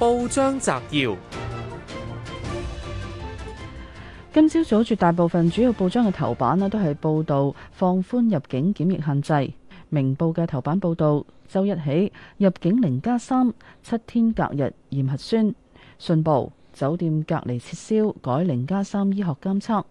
報章摘要：今朝早絕大部分主要報章嘅頭版咧，都係報道放寬入境檢疫限制。明報嘅頭版報道，周一起入境零加三，3, 七天隔日驗核酸。信報，酒店隔離撤銷，改零加三醫學監測。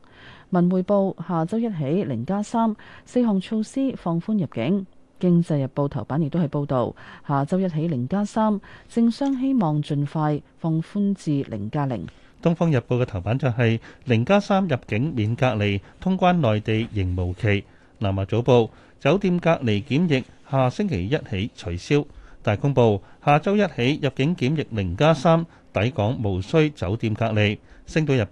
文匯報下周一起零加三，3, 四項措施放寬入境。《經濟日報》頭版亦都係報導，下週一起零加三，政商希望盡快放寬至零加零。《東方日報》嘅頭版就係零加三入境免隔離，通關內地仍無期。《南華早報》酒店隔離檢疫下星期一起取消。《大公報》下週一起入境檢疫零加三抵港無需酒店隔離。《星島日報》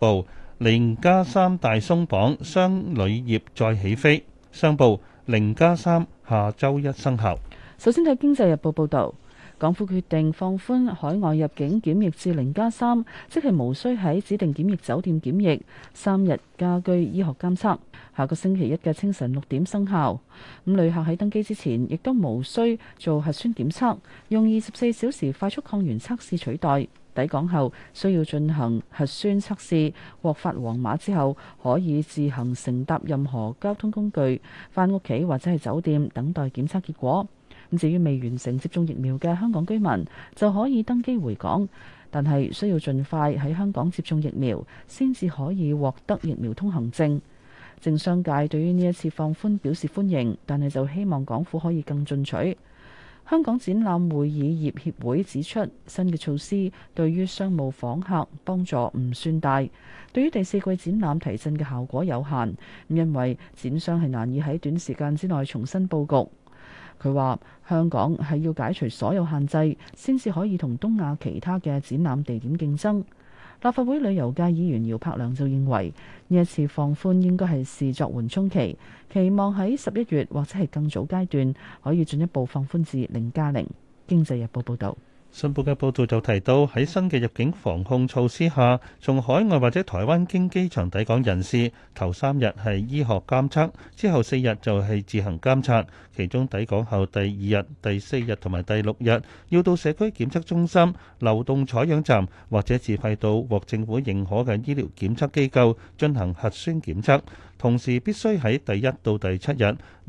零加三大鬆綁，商旅業再起飛。商報。零加三下周一生效。首先睇《經濟日報》報道，港府決定放寬海外入境檢疫至零加三，即係無需喺指定檢疫酒店檢疫，三日家居醫學監測，下個星期一嘅清晨六點生效。咁旅客喺登機之前亦都無需做核酸檢測，用二十四小時快速抗原測試取代。抵港後需要進行核酸測試，獲發黃碼之後可以自行乘搭任何交通工具返屋企或者係酒店等待檢測結果。咁至於未完成接種疫苗嘅香港居民就可以登機回港，但係需要盡快喺香港接種疫苗先至可以獲得疫苗通行證。政商界對於呢一次放寬表示歡迎，但係就希望港府可以更進取。香港展覽會議業協會指出，新嘅措施對於商務訪客幫助唔算大，對於第四季展覽提振嘅效果有限，因為展商係難以喺短時間之內重新佈局。佢話：香港係要解除所有限制，先至可以同東亞其他嘅展覽地點競爭。立法會旅遊界議員姚柏良就認為，呢一次放寬應該係視作緩衝期，期望喺十一月或者係更早階段可以進一步放寬至零加零。經濟日報報導。信報嘅報道就提到，喺新嘅入境防控措施下，從海外或者台灣經機場抵港人士，頭三日係醫學監測，之後四日就係自行監測，其中抵港後第二日、第四日同埋第六日，要到社區檢測中心、流動採樣站或者自費到獲政府認可嘅醫療檢測機構進行核酸檢測，同時必須喺第一到第七日。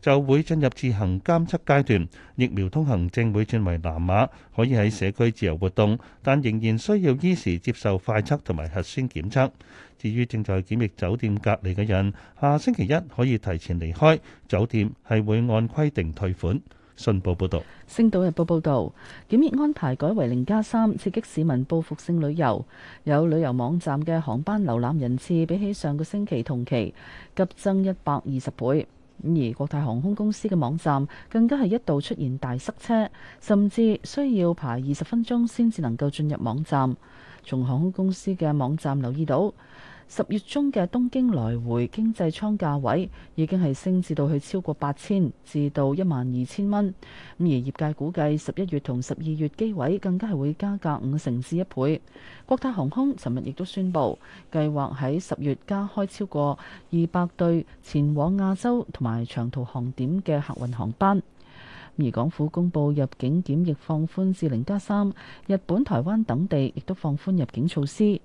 就會進入自行監測階段，疫苗通行證會轉為藍碼，可以喺社區自由活動，但仍然需要依時接受快測同埋核酸檢測。至於正在檢疫酒店隔離嘅人，下星期一可以提前離開酒店，係會按規定退款。信報報道，《星島日報》報道，檢疫安排改為零加三，刺激市民報復性旅遊。有旅遊網站嘅航班瀏覽人次比起上個星期同期急增一百二十倍。而國泰航空公司嘅網站更加係一度出現大塞車，甚至需要排二十分鐘先至能夠進入網站。從航空公司嘅網站留意到，十月中嘅東京來回經濟艙價位已經係升至到去超過八千至到一萬二千蚊，咁而業界估計十一月同十二月機位更加係會加價五成至一倍。國泰航空尋日亦都宣布，計劃喺十月加開超過二百對前往亞洲同埋長途航點嘅客運航班。而港府公布入境檢疫放寬至零加三，3，日本、台灣等地亦都放寬入境措施。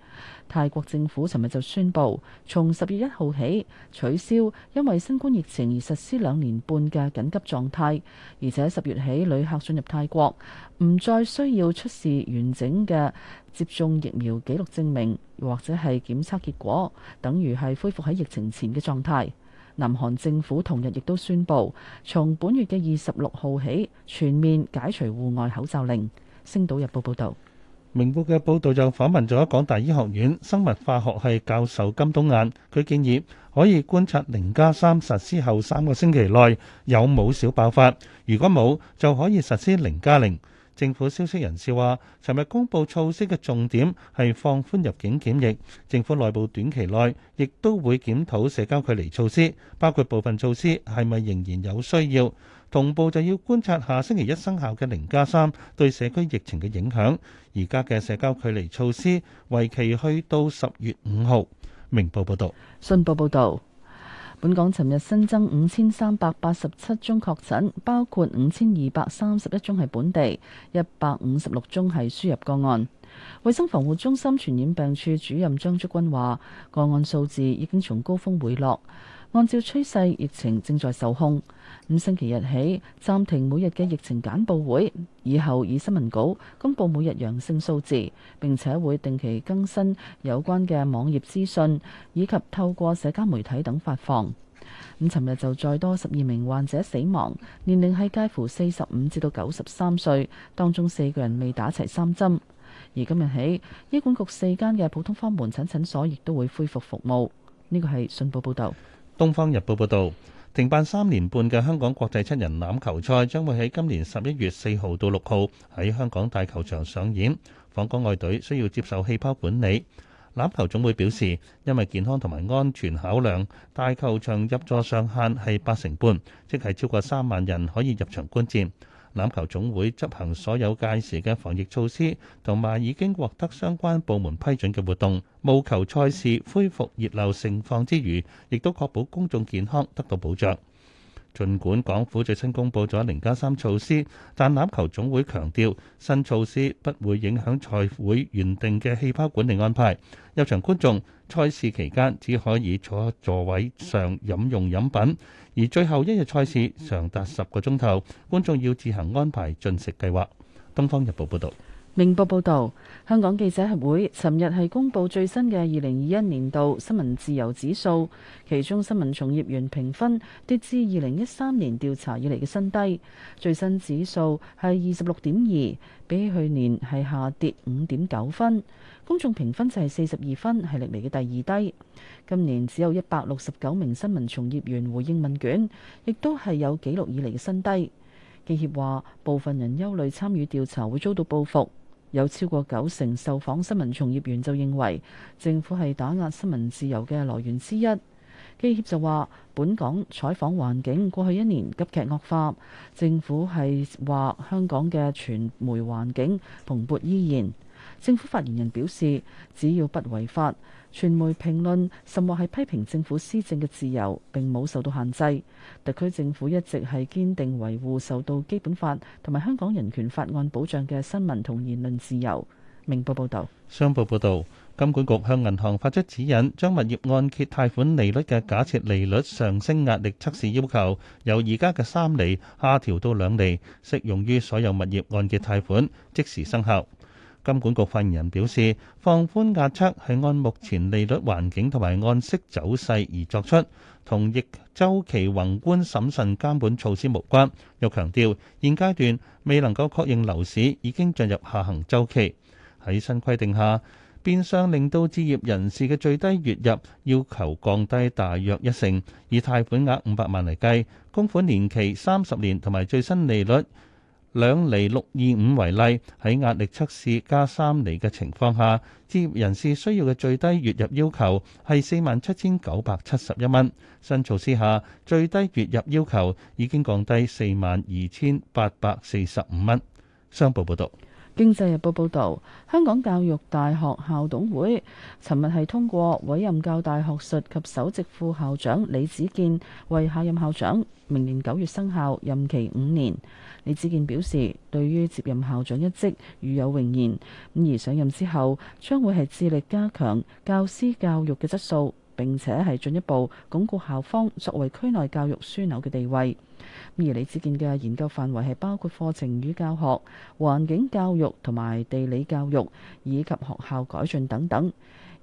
泰國政府尋日就宣布，從十月一號起取消因為新冠疫情而實施兩年半嘅緊急狀態，而且十月起旅客進入泰國，唔再需要出示完整嘅接種疫苗記錄證明或者係檢測結果，等於係恢復喺疫情前嘅狀態。南韓政府同日亦都宣布，從本月嘅二十六號起全面解除戶外口罩令。星島日報報道，明報嘅報導就訪問咗港大醫學院生物化學系教授金冬雁，佢建議可以觀察零加三實施後三個星期內有冇小爆發，如果冇就可以實施零加零。政府消息人士話，尋日公布措施嘅重點係放寬入境檢疫，政府內部短期內亦都會檢討社交距離措施，包括部分措施係咪仍然有需要。同步就要觀察下星期一生效嘅零加三對社區疫情嘅影響，而家嘅社交距離措施，為期去到十月五號。明報報道。信報報導。本港尋日新增五千三百八十七宗確診，包括五千二百三十一宗係本地，一百五十六宗係輸入個案。衛生防護中心傳染病處主任張竹君話，個案數字已經從高峰回落。按照趨勢，疫情正在受控。五星期日起暫停每日嘅疫情簡報會，以後以新聞稿公佈每日陽性數字，並且會定期更新有關嘅網頁資訊，以及透過社交媒體等發放。咁尋日就再多十二名患者死亡，年齡係介乎四十五至到九十三歲，當中四個人未打齊三針。而今日起，醫管局四間嘅普通科門診診所亦都會恢復服務。呢個係信報報導。《東方日報》報道，停辦三年半嘅香港國際七人欖球賽將會喺今年十一月四號到六號喺香港大球場上演。訪港外隊需要接受氣泡管理。欖球總會表示，因為健康同埋安全考量，大球場入座上限係八成半，即係超過三萬人可以入場觀戰。籃球總會執行所有屆時嘅防疫措施，同埋已經獲得相關部門批准嘅活動，務求賽事恢復熱鬧盛況之餘，亦都確保公眾健康得到保障。儘管港府最新公布咗零加三措施，但欖球總會強調新措施不會影響賽會原定嘅氣泡管理安排。入場觀眾賽事期間只可以坐喺座位上飲用飲品，而最後一日賽事長達十個鐘頭，觀眾要自行安排進食計劃。《東方日報》報導。明報報導，香港記者協會尋日係公布最新嘅二零二一年度新聞自由指數，其中新聞從業員評分跌至二零一三年調查以嚟嘅新低，最新指數係二十六點二，比起去年係下跌五點九分。公眾評分就係四十二分，係歷嚟嘅第二低。今年只有一百六十九名新聞從業員回應問卷，亦都係有紀錄以嚟嘅新低。記協話，部分人憂慮參與調查會遭到報復。有超過九成受訪新聞從業員就認為政府係打壓新聞自由嘅來源之一。記協就話，本港採訪環境過去一年急劇惡化，政府係話香港嘅傳媒環境蓬勃依然。政府發言人表示，只要不違法，傳媒評論甚或係批評政府施政嘅自由並冇受到限制。特區政府一直係堅定維護受到基本法同埋香港人權法案保障嘅新聞同言論自由。明報報導，商報報導，金管局向銀行發出指引，將物業按揭貸款利率嘅假設利率上升壓力測試要求由而家嘅三厘下調到兩厘，適用於所有物業按揭貸款，即時生效。金管局發言人表示，放寬壓測係按目前利率環境同埋按息走勢而作出，同逆周期宏觀審慎監管措施無關。又強調，現階段未能夠確認樓市已經進入下行周期。喺新規定下，變相令到置業人士嘅最低月入要求降低大約一成，以貸款額五百萬嚟計，供款年期三十年同埋最新利率，兩厘六二五為例，喺壓力測試加三厘嘅情況下，職業人士需要嘅最低月入要求係四萬七千九百七十一蚊。新措施下，最低月入要求已經降低四萬二千八百四十五蚊。商報報道。經濟日報報道，香港教育大學校董會尋日係通過委任教大學術及首席副校長李子健為下任校長，明年九月生效，任期五年。李子健表示，對於接任校長一職，與有榮焉，而上任之後將會係致力加強教師教育嘅質素。並且係進一步鞏固校方作為區內教育樞紐嘅地位。而李子健嘅研究範圍係包括課程與教學、環境教育同埋地理教育，以及學校改進等等。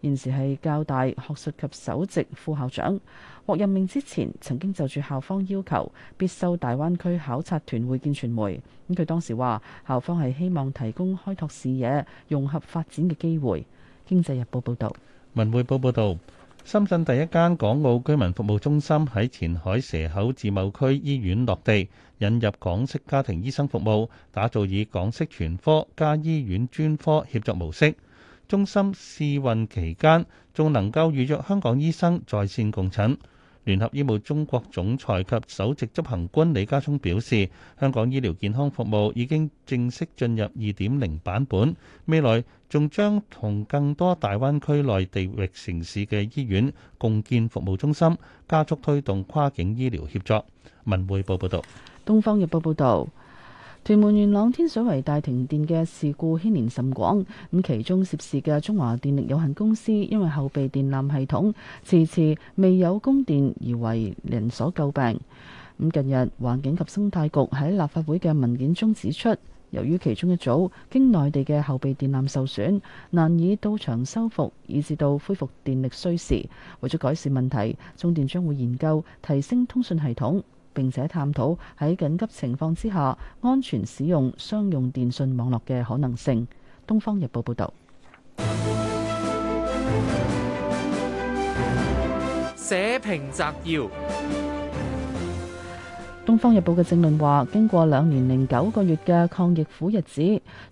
現時係教大學術及首席副校長，獲任命之前曾經就住校方要求，必受大灣區考察團會見傳媒。咁佢當時話：校方係希望提供開拓視野、融合發展嘅機會。經濟日報報道。文匯報報道。深圳第一間港澳居民服務中心喺前海蛇口自貿區醫院落地，引入港式家庭醫生服務，打造以港式全科加醫院專科協作模式。中心試運期間，仲能夠預約香港醫生在線共診。聯合醫務中國總裁及首席執行官李家聰表示，香港醫療健康服務已經正式進入2.0版本，未來仲將同更多大灣區內地域城市嘅醫院共建服務中心，加速推動跨境醫療協作。文匯報報道。東方日報報道。屯門、元朗、天水圍大停電嘅事故牽連甚廣，咁其中涉事嘅中華電力有限公司因為後備電纜系統遲遲未有供電而為人所詬病。咁近日環境及生態局喺立法會嘅文件中指出，由於其中一組經內地嘅後備電纜受損，難以到場修復，以至到恢復電力需時。為咗改善問題，中電將會研究提升通訊系統。並且探討喺緊急情況之下，安全使用商用電信網絡嘅可能性。《東方日報》報導。社評摘要，《東方日報》嘅正論話：經過兩年零九個月嘅抗疫苦日子，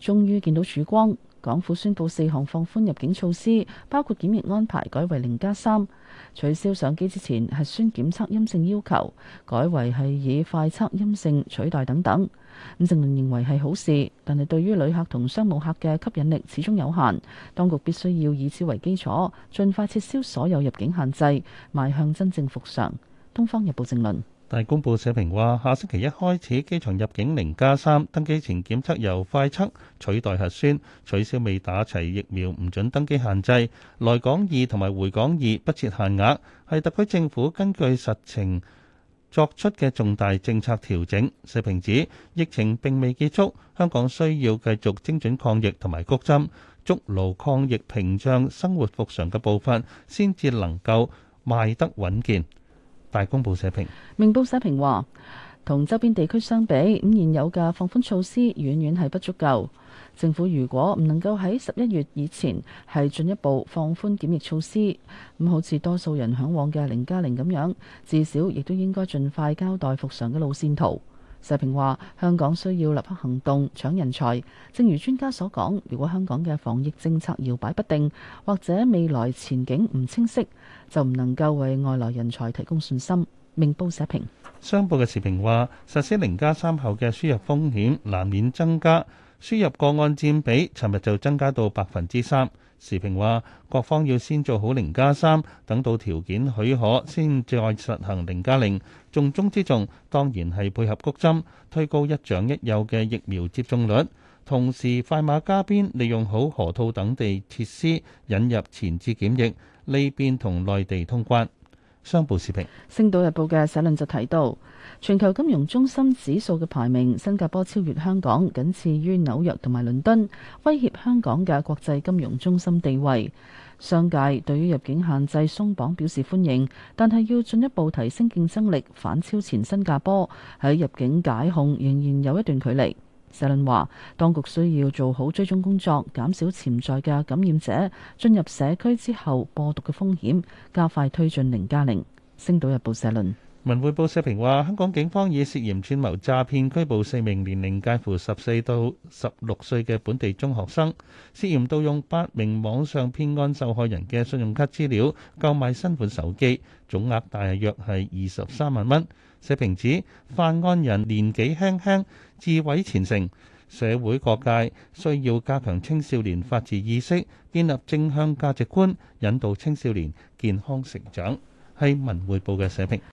終於見到曙光。港府宣布四項放寬入境措施，包括檢疫安排改為零加三，3，取消上機之前核酸檢測陰性要求，改為係以快測陰性取代等等。咁正論認為係好事，但係對於旅客同商務客嘅吸引力始終有限。當局必須要以此為基礎，盡快撤銷所有入境限制，邁向真正復常。《東方日報》正論。但公報社評話下星期一開始，機場入境零加三，3, 登機前檢測由快測取代核酸，取消未打齊疫苗唔准登機限制。來港二同埋回港二不設限額，係特區政府根據實情作出嘅重大政策調整。社評指疫情並未結束，香港需要繼續精準抗疫同埋谷針築牢抗疫屏障，生活復常嘅步伐先至能夠邁得穩健。大公報社評，明報社評話同周邊地區相比，咁現有嘅放寬措施遠遠係不足夠，政府如果唔能夠喺十一月以前係進一步放寬檢疫措施，咁好似多數人向往嘅零加零咁樣，至少亦都應該盡快交代復常嘅路線圖。社評話香港需要立刻行動搶人才，正如專家所講，如果香港嘅防疫政策搖擺不定，或者未來前景唔清晰，就唔能夠為外來人才提供信心。明報社評，商報嘅時評話實施零加三後嘅輸入風險難免增加，輸入個案佔比尋日就增加到百分之三。時評話：各方要先做好零加三，3，等到條件許可，先再實行零加零。重中之重當然係配合谷針，推高一長一幼嘅疫苗接種率，同時快馬加鞭，利用好河套等地設施，引入前置檢疫，利便同內地通關。商報視頻，《星島日報》嘅社論就提到，全球金融中心指數嘅排名，新加坡超越香港，僅次於紐約同埋倫敦，威脅香港嘅國際金融中心地位。商界對於入境限制鬆綁表示歡迎，但係要進一步提升競爭力，反超前新加坡喺入境解控，仍然有一段距離。社論話，當局需要做好追蹤工作，減少潛在嘅感染者進入社區之後播毒嘅風險，加快推進零加零。星島日報社論。文匯報社評話，香港警方以涉嫌串謀詐騙拘捕四名年齡介乎十四到十六歲嘅本地中學生，涉嫌盜用八名網上騙案受害人嘅信用卡資料購買新款手機，總額大約係二十三萬蚊。社評指，犯案人年紀輕輕，自毀前程，社會各界需要加強青少年法治意識，建立正向價值觀，引導青少年健康成長，係《文匯報》嘅社評。